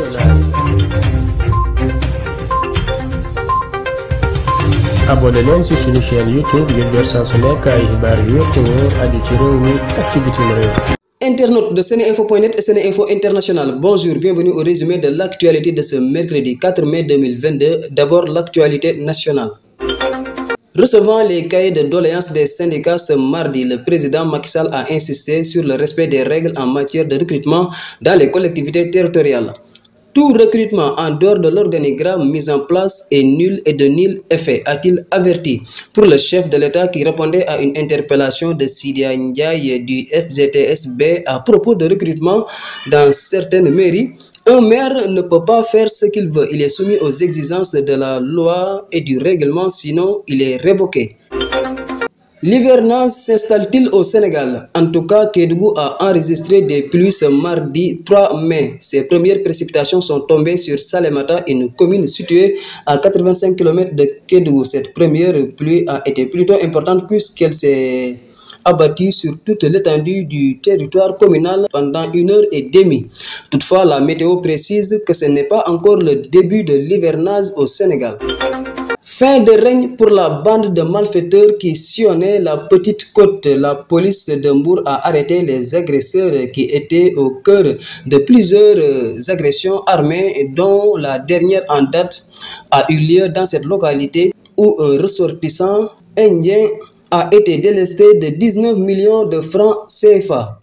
nationale. abonné leen ci suñu chaîne youtube ngir jot saa de Seneinfo.net et Seneinfo International, bonjour, bienvenue au résumé de l'actualité de ce mercredi mai D'abord, l'actualité nationale. Recevant les cahiers de doléances des syndicats ce mardi, le président Macky Sall a insisté sur le respect des règles en matière de recrutement dans les collectivités territoriales. Tout recrutement en dehors de l'organigramme mis en place est nul et de nul effet, a-t-il averti. Pour le chef de l'État qui répondait à une interpellation de Sidia Ndiaye du FGTSB à propos de recrutement dans certaines mairies, un maire ne peut pas faire ce qu'il veut. Il est soumis aux exigences de la loi et du règlement, sinon il est révoqué. L'hivernage s'installe-t-il au Sénégal En tout cas, Kédougou a enregistré des pluies ce mardi 3 mai. Ses premières précipitations sont tombées sur Salemata, une commune située à 85 km de Kédougou. Cette première pluie a été plutôt importante puisqu'elle s'est abattue sur toute l'étendue du territoire communal pendant une heure et demie. Toutefois, la météo précise que ce n'est pas encore le début de l'hivernage au Sénégal. Fin de règne pour la bande de malfaiteurs qui sillonnait la petite côte. La police de Mbour a arrêté les agresseurs qui étaient au cœur de plusieurs euh, agressions armées dont la dernière en date a eu lieu dans cette localité où un ressortissant indien a été délesté de 19 millions de francs CFA.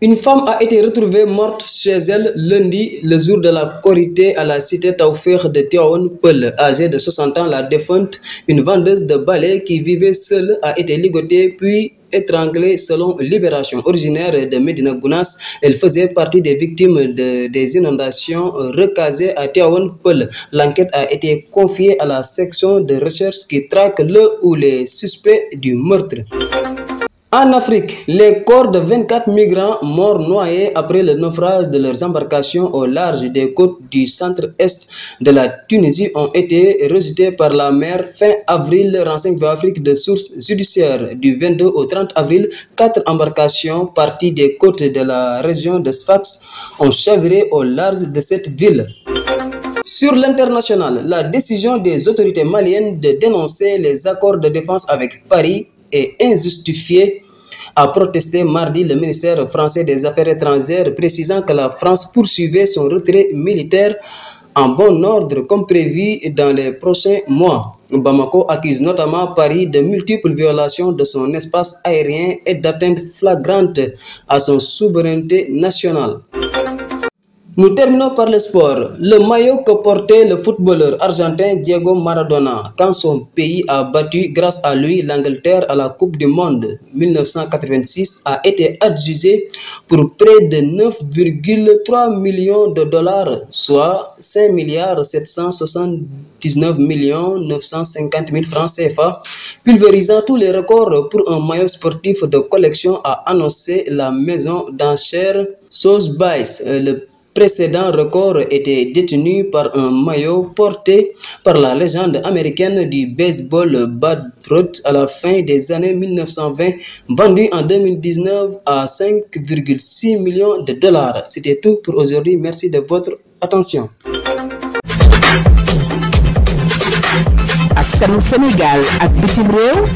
Une femme a été retrouvée morte chez elle lundi, le jour de la Korité à la cité Taoufir de Tiaon Peul. Âgée de 60 ans, la défunte, une vendeuse de balais qui vivait seule, a été ligotée puis étranglée selon Libération. Originaire de Medina Gounas, elle faisait partie des victimes de, des inondations euh, recasées à Tiawan Peul. L'enquête a été confiée à la section de recherche qui traque le ou les suspects du meurtre. En Afrique, les corps de 24 migrants morts noyés après le naufrage de leurs embarcations au large des côtes du centre-est de la Tunisie ont été rejetés par la mer fin avril, renseigne Afrique de sources judiciaires. Du 22 au 30 avril, quatre embarcations parties des côtes de la région de Sfax ont chaviré au large de cette ville. Sur l'international, la décision des autorités maliennes de dénoncer les accords de défense avec Paris et injustifiée à protesté mardi le ministère français des Affaires étrangères, précisant que la France poursuivait son retrait militaire en bon ordre comme prévu dans les prochains mois. Bamako accuse notamment Paris de multiples violations de son espace aérien et d'atteintes flagrantes à son souveraineté nationale. Nous terminons par le sport. Le maillot que portait le footballeur argentin Diego Maradona quand son pays a battu grâce à lui l'Angleterre à la Coupe du Monde 1986 a été adjugé pour près de 9,3 millions de dollars, soit 5 milliards 779 millions 950 000 francs CFA, pulvérisant tous les records pour un maillot sportif de collection a annoncé la maison d'enchères Sotheby's, le précédent record était détenu par un maillot porté par la légende américaine du baseball Bud Roth à la fin des années 1920, vendu en 2019 à 5,6 millions de dollars. C'était tout pour aujourd'hui. Merci de votre attention. askanu Sénégal ak bitim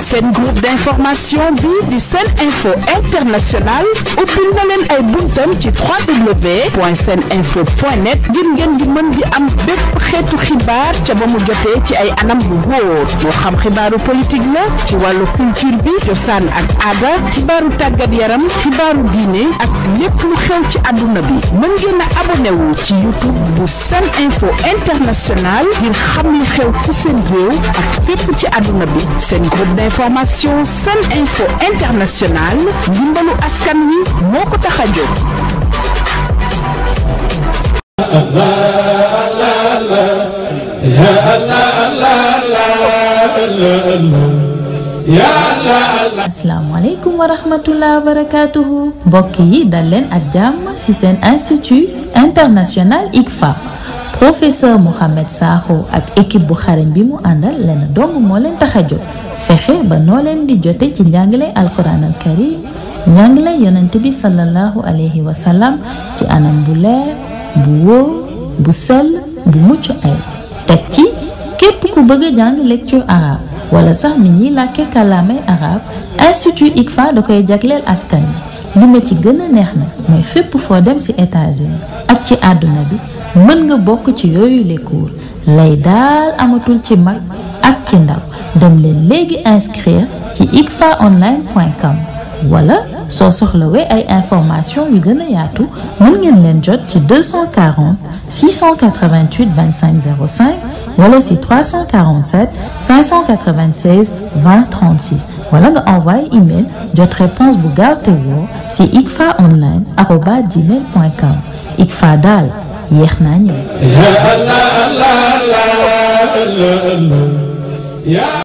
seen d'information bi di seen info international ubbil na leen ay buntam ci www.seninfo.net ngir ngeen di mën di am bépp xeetu xibaar ca ba mu jotee ci ay anam bu wóor moo xam xibaaru politique la ci wàllu culture bi cosaan ak aada xibaaru tàggat yaram xibaaru diine ak lépp lu xew ci àdduna bi mën ngeen a ci YouTube bu seen info international ngir xam li xew ci seen réew ak fépp ci àdduna bi seen groupe d'information seen info international ndimbalu askan wi moo ko tax a jóg asalaamaaleykum wa rahmatullah wa barakatuhu mbokk yi dal leen ak jàmm ci seen institut international ICFA professeur Mouhamed Sakho ak équipe bu xarañ bi mu àndal lenn dong moo leen tax a jóg fexe ba noo leen di jote ci njàngale alquran al karim njàngale yonent bi sallallahu alayhi wa sallam ci anam bu leer bu wóor bu sell bu mucc ay teg ci képp ku bëgg a jàng lecture arabe wala sax nit ñiy làkke kàllaamay arabe institut ICFA da koy jagleel askan wi li ma ci gën a neex na mooy fépp foo dem si États-Unis ak ci àdduna bi mën nga bokk ci yooyu les cours lay daal amatul ci mag ak ci ndaw dem leen léegi inscrire ci icfaonline.com wala soo soxlawee ay information yu gën a yaatu mën ngeen leen jot ci 240 688 25 05 wala si 347 596 20 36 wala nga envoyé email jot réponse bu gaaw te woo si ikfa online arobas gmail com ikfa daal yéex naa ñëw.